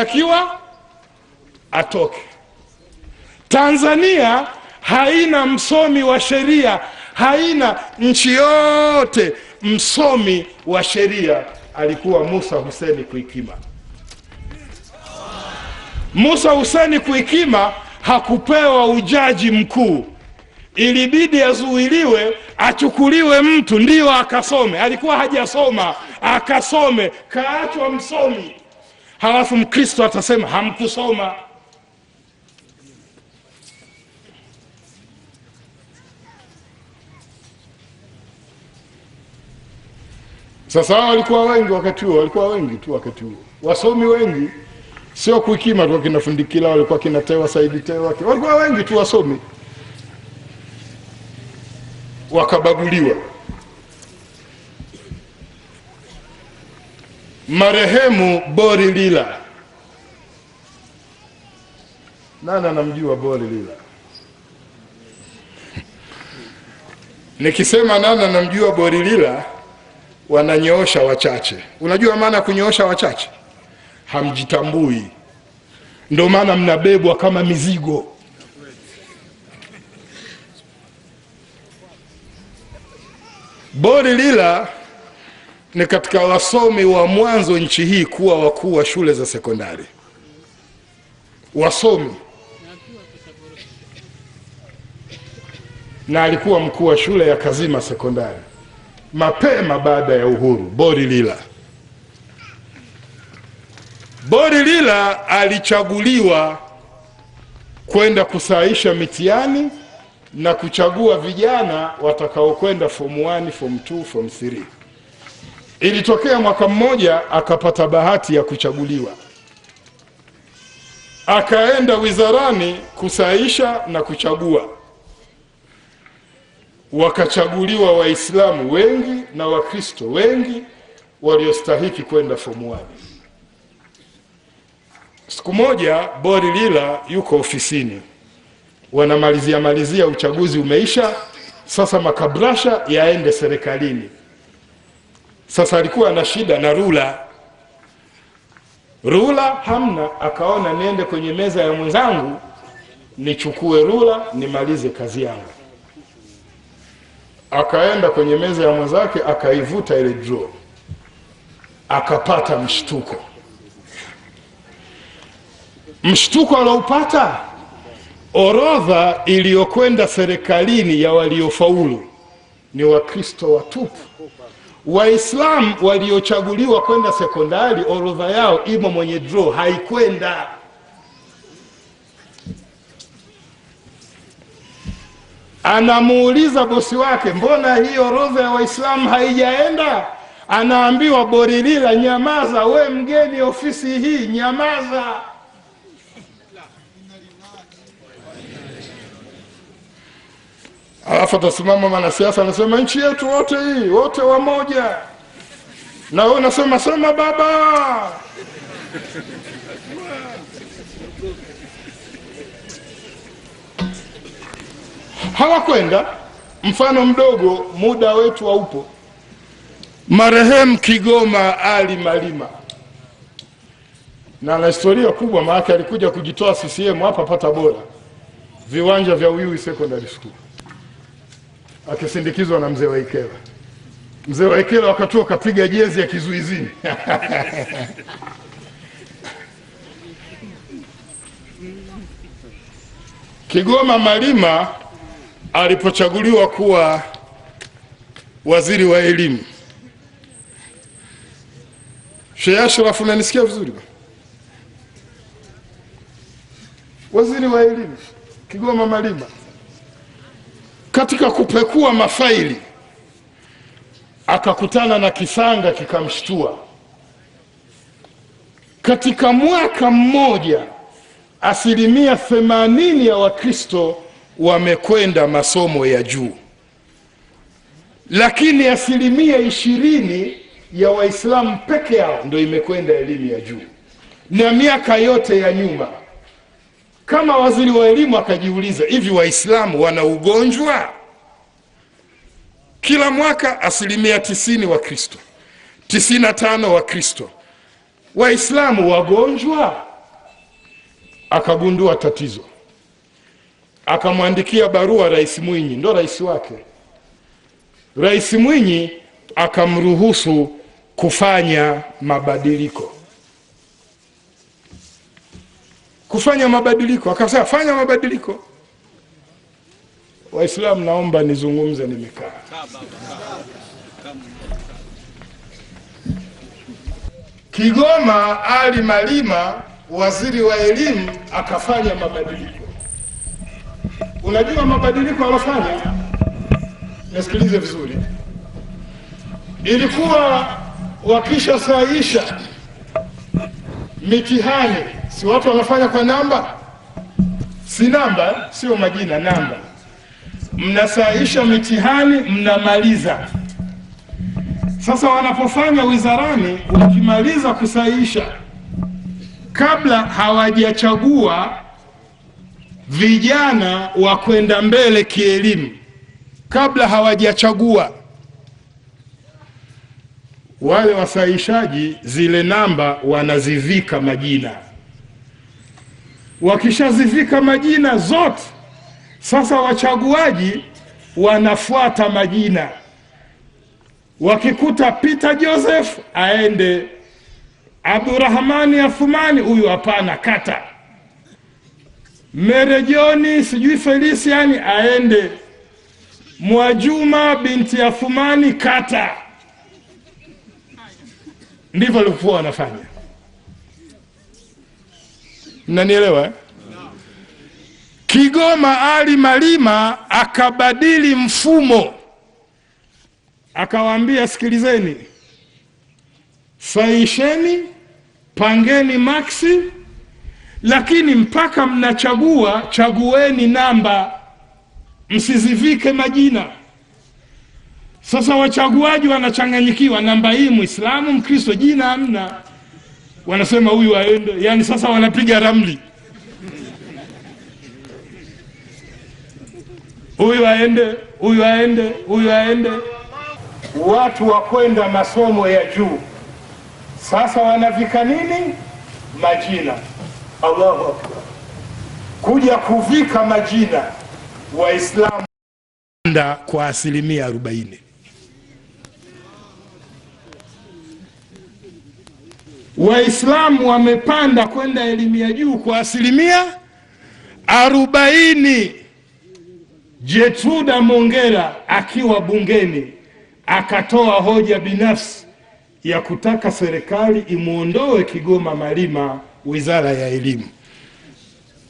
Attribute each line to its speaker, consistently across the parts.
Speaker 1: takiwa atoke. Tanzania haina msomi wa sheria, haina nchi yote. Msomi wa sheria alikuwa Musa Huseni Kuikima. Musa Huseni Kuikima hakupewa ujaji mkuu, ilibidi azuiliwe, achukuliwe mtu ndio akasome. Alikuwa hajasoma, akasome, kaachwa msomi halafu mkristo atasema hamkusoma Sasa hao walikuwa wengi wakati huo, walikuwa wengi tu wakati huo, wasomi wengi, sio kuikima tu kinafundikila walikuwa kinatewa Saidi Tewa, walikuwa wengi tu wasomi, wakabaguliwa. marehemu Bori Lila. Nani anamjua Bori Lila? Nikisema nani anamjua Bori Lila, wananyoosha wachache. Unajua maana kunyoosha wachache? Hamjitambui, ndio maana mnabebwa kama mizigo. Bori Lila ni katika wasomi wa mwanzo nchi hii kuwa wakuu wa shule za sekondari, wasomi na alikuwa mkuu wa shule ya Kazima sekondari mapema baada ya uhuru, Bori Lila. Bori Lila alichaguliwa kwenda kusaisha mitiani na kuchagua vijana watakaokwenda fomu 1, fomu 2, fomu Ilitokea mwaka mmoja akapata bahati ya kuchaguliwa, akaenda wizarani kusaisha na kuchagua. Wakachaguliwa Waislamu wengi na Wakristo wengi waliostahiki kwenda fomu wani. Siku moja Bori Lila yuko ofisini, wanamalizia malizia, uchaguzi umeisha, sasa makabrasha yaende serikalini. Sasa alikuwa na shida na rula, rula hamna, akaona niende kwenye meza ya mwenzangu nichukue rula nimalize kazi yangu. Akaenda kwenye meza ya mwenzake akaivuta ile draw, akapata mshtuko. Mshtuko aloupata, orodha iliyokwenda serikalini ya waliofaulu ni Wakristo watupu Waislamu waliochaguliwa kwenda sekondari, orodha yao imo mwenye dro haikwenda. Anamuuliza bosi wake, mbona hii orodha ya Waislamu haijaenda? Anaambiwa, Borilila, nyamaza we mgeni ofisi hii, nyamaza. alafu atasimama mwanasiasa anasema nchi yetu wote hii wote wamoja, na we unasema sema baba. Hawakwenda. Mfano mdogo, muda wetu haupo. Marehemu Kigoma Ali Malima na ana historia kubwa, maake alikuja kujitoa CCM hapa pata bora, viwanja vya Uyui Secondary School akisindikizwa na mzee Waikela. Mzee Waikela wakati huo kapiga jezi ya kizuizini Kigoma Malima alipochaguliwa kuwa waziri wa elimu, Sheikh Ashraf, unanisikia vizuri Waziri wa elimu Kigoma Malima katika kupekua mafaili akakutana na kisanga kikamshtua. Katika mwaka mmoja asilimia themanini ya Wakristo wamekwenda masomo ya juu, lakini asilimia ishirini ya Waislamu peke yao ndo imekwenda elimu ya juu, na miaka yote ya nyuma kama waziri wa elimu akajiuliza, hivi Waislamu wana ugonjwa? Kila mwaka asilimia tisini wa tisini na tano wa kristo Waislamu wagonjwa? Akagundua tatizo, akamwandikia barua Rais Mwinyi, ndo rais wake. Rais Mwinyi akamruhusu kufanya mabadiliko. kufanya mabadiliko, akasema fanya mabadiliko. Waislamu, naomba nizungumze, nimekaa Kigoma. Ali Malima, waziri wa elimu, akafanya mabadiliko. Unajua mabadiliko alofanya, nasikilize vizuri, ilikuwa wakishasaisha mitihani si watu wanafanya kwa namba, si namba, sio majina, namba. Mnasaisha mitihani, mnamaliza. Sasa wanapofanya wizarani, wakimaliza kusaisha, kabla hawajachagua vijana wa kwenda mbele kielimu, kabla hawajachagua wale wasaishaji, zile namba wanazivika majina. Wakishazifika majina zote, sasa wachaguaji wanafuata majina. Wakikuta Peter Joseph aende, Abdurahmani Athumani huyu hapana, kata Merejoni sijui Felisiani aende, Mwajuma binti Athumani kata. Ndivyo walikuwa wanafanya mnanielewa eh? Kigoma Ali Malima akabadili mfumo, akawaambia sikilizeni, saisheni, pangeni maksi, lakini mpaka mnachagua chagueni namba, msizivike majina. Sasa wachaguaji wanachanganyikiwa, namba hii muislamu Mkristo, jina hamna wanasema huyu aende, yani sasa wanapiga ramli, huyu aende, huyu aende, huyu aende. Watu wa kwenda masomo ya juu sasa wanavika nini? Majina. Allahu akbar! Kuja kuvika majina Waislamu kwa asilimia arobaini. Waislamu wamepanda kwenda elimu ya juu kwa asilimia arobaini. Jetruda Mongera akiwa bungeni akatoa hoja binafsi ya kutaka serikali imwondoe Kigoma Malima wizara ya elimu,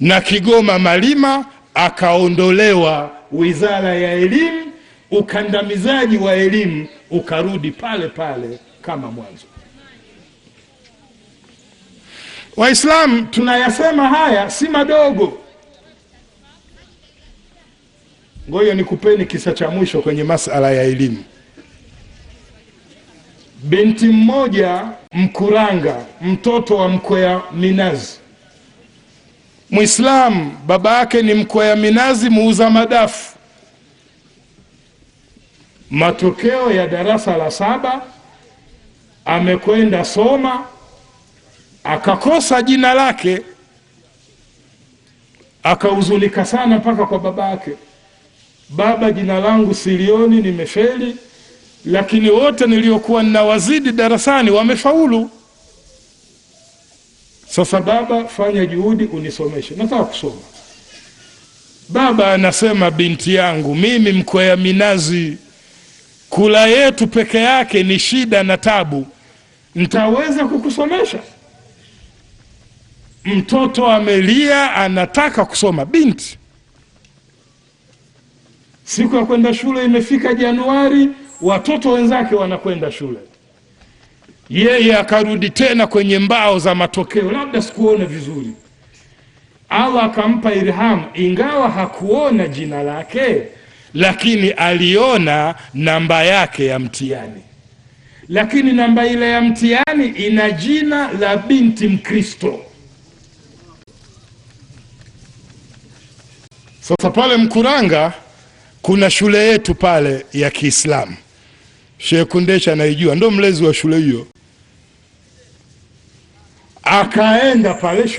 Speaker 1: na Kigoma Malima akaondolewa wizara ya elimu. Ukandamizaji wa elimu ukarudi pale pale kama mwanzo. Waislamu tunayasema haya si madogo. Ngoja nikupeni kisa cha mwisho kwenye masala ya elimu. Binti mmoja Mkuranga, mtoto wa Mkwea Minazi, Mwislamu, baba yake ni Mkwea Minazi, muuza madafu. Matokeo ya darasa la saba amekwenda Soma akakosa jina lake, akahuzunika sana mpaka kwa baba yake. Baba, jina langu silioni, nimefeli, lakini wote niliokuwa ninawazidi darasani wamefaulu. Sasa baba, fanya juhudi unisomeshe, nataka kusoma. Baba anasema, binti yangu, mimi mkwea minazi, kula yetu peke yake ni shida na tabu, ntaweza kukusomesha? mtoto amelia, anataka kusoma. Binti siku ya kwenda shule imefika Januari, watoto wenzake wanakwenda shule, yeye akarudi tena kwenye mbao za matokeo, labda sikuona vizuri. Allah akampa irhamu ingawa hakuona jina lake, lakini aliona namba yake ya mtihani. Lakini namba ile ya mtihani ina jina la binti Mkristo Sasa pale Mkuranga kuna shule yetu pale ya Kiislamu, Sheikh Kundesha anaijua, ndo mlezi wa shule hiyo, akaenda pale shule.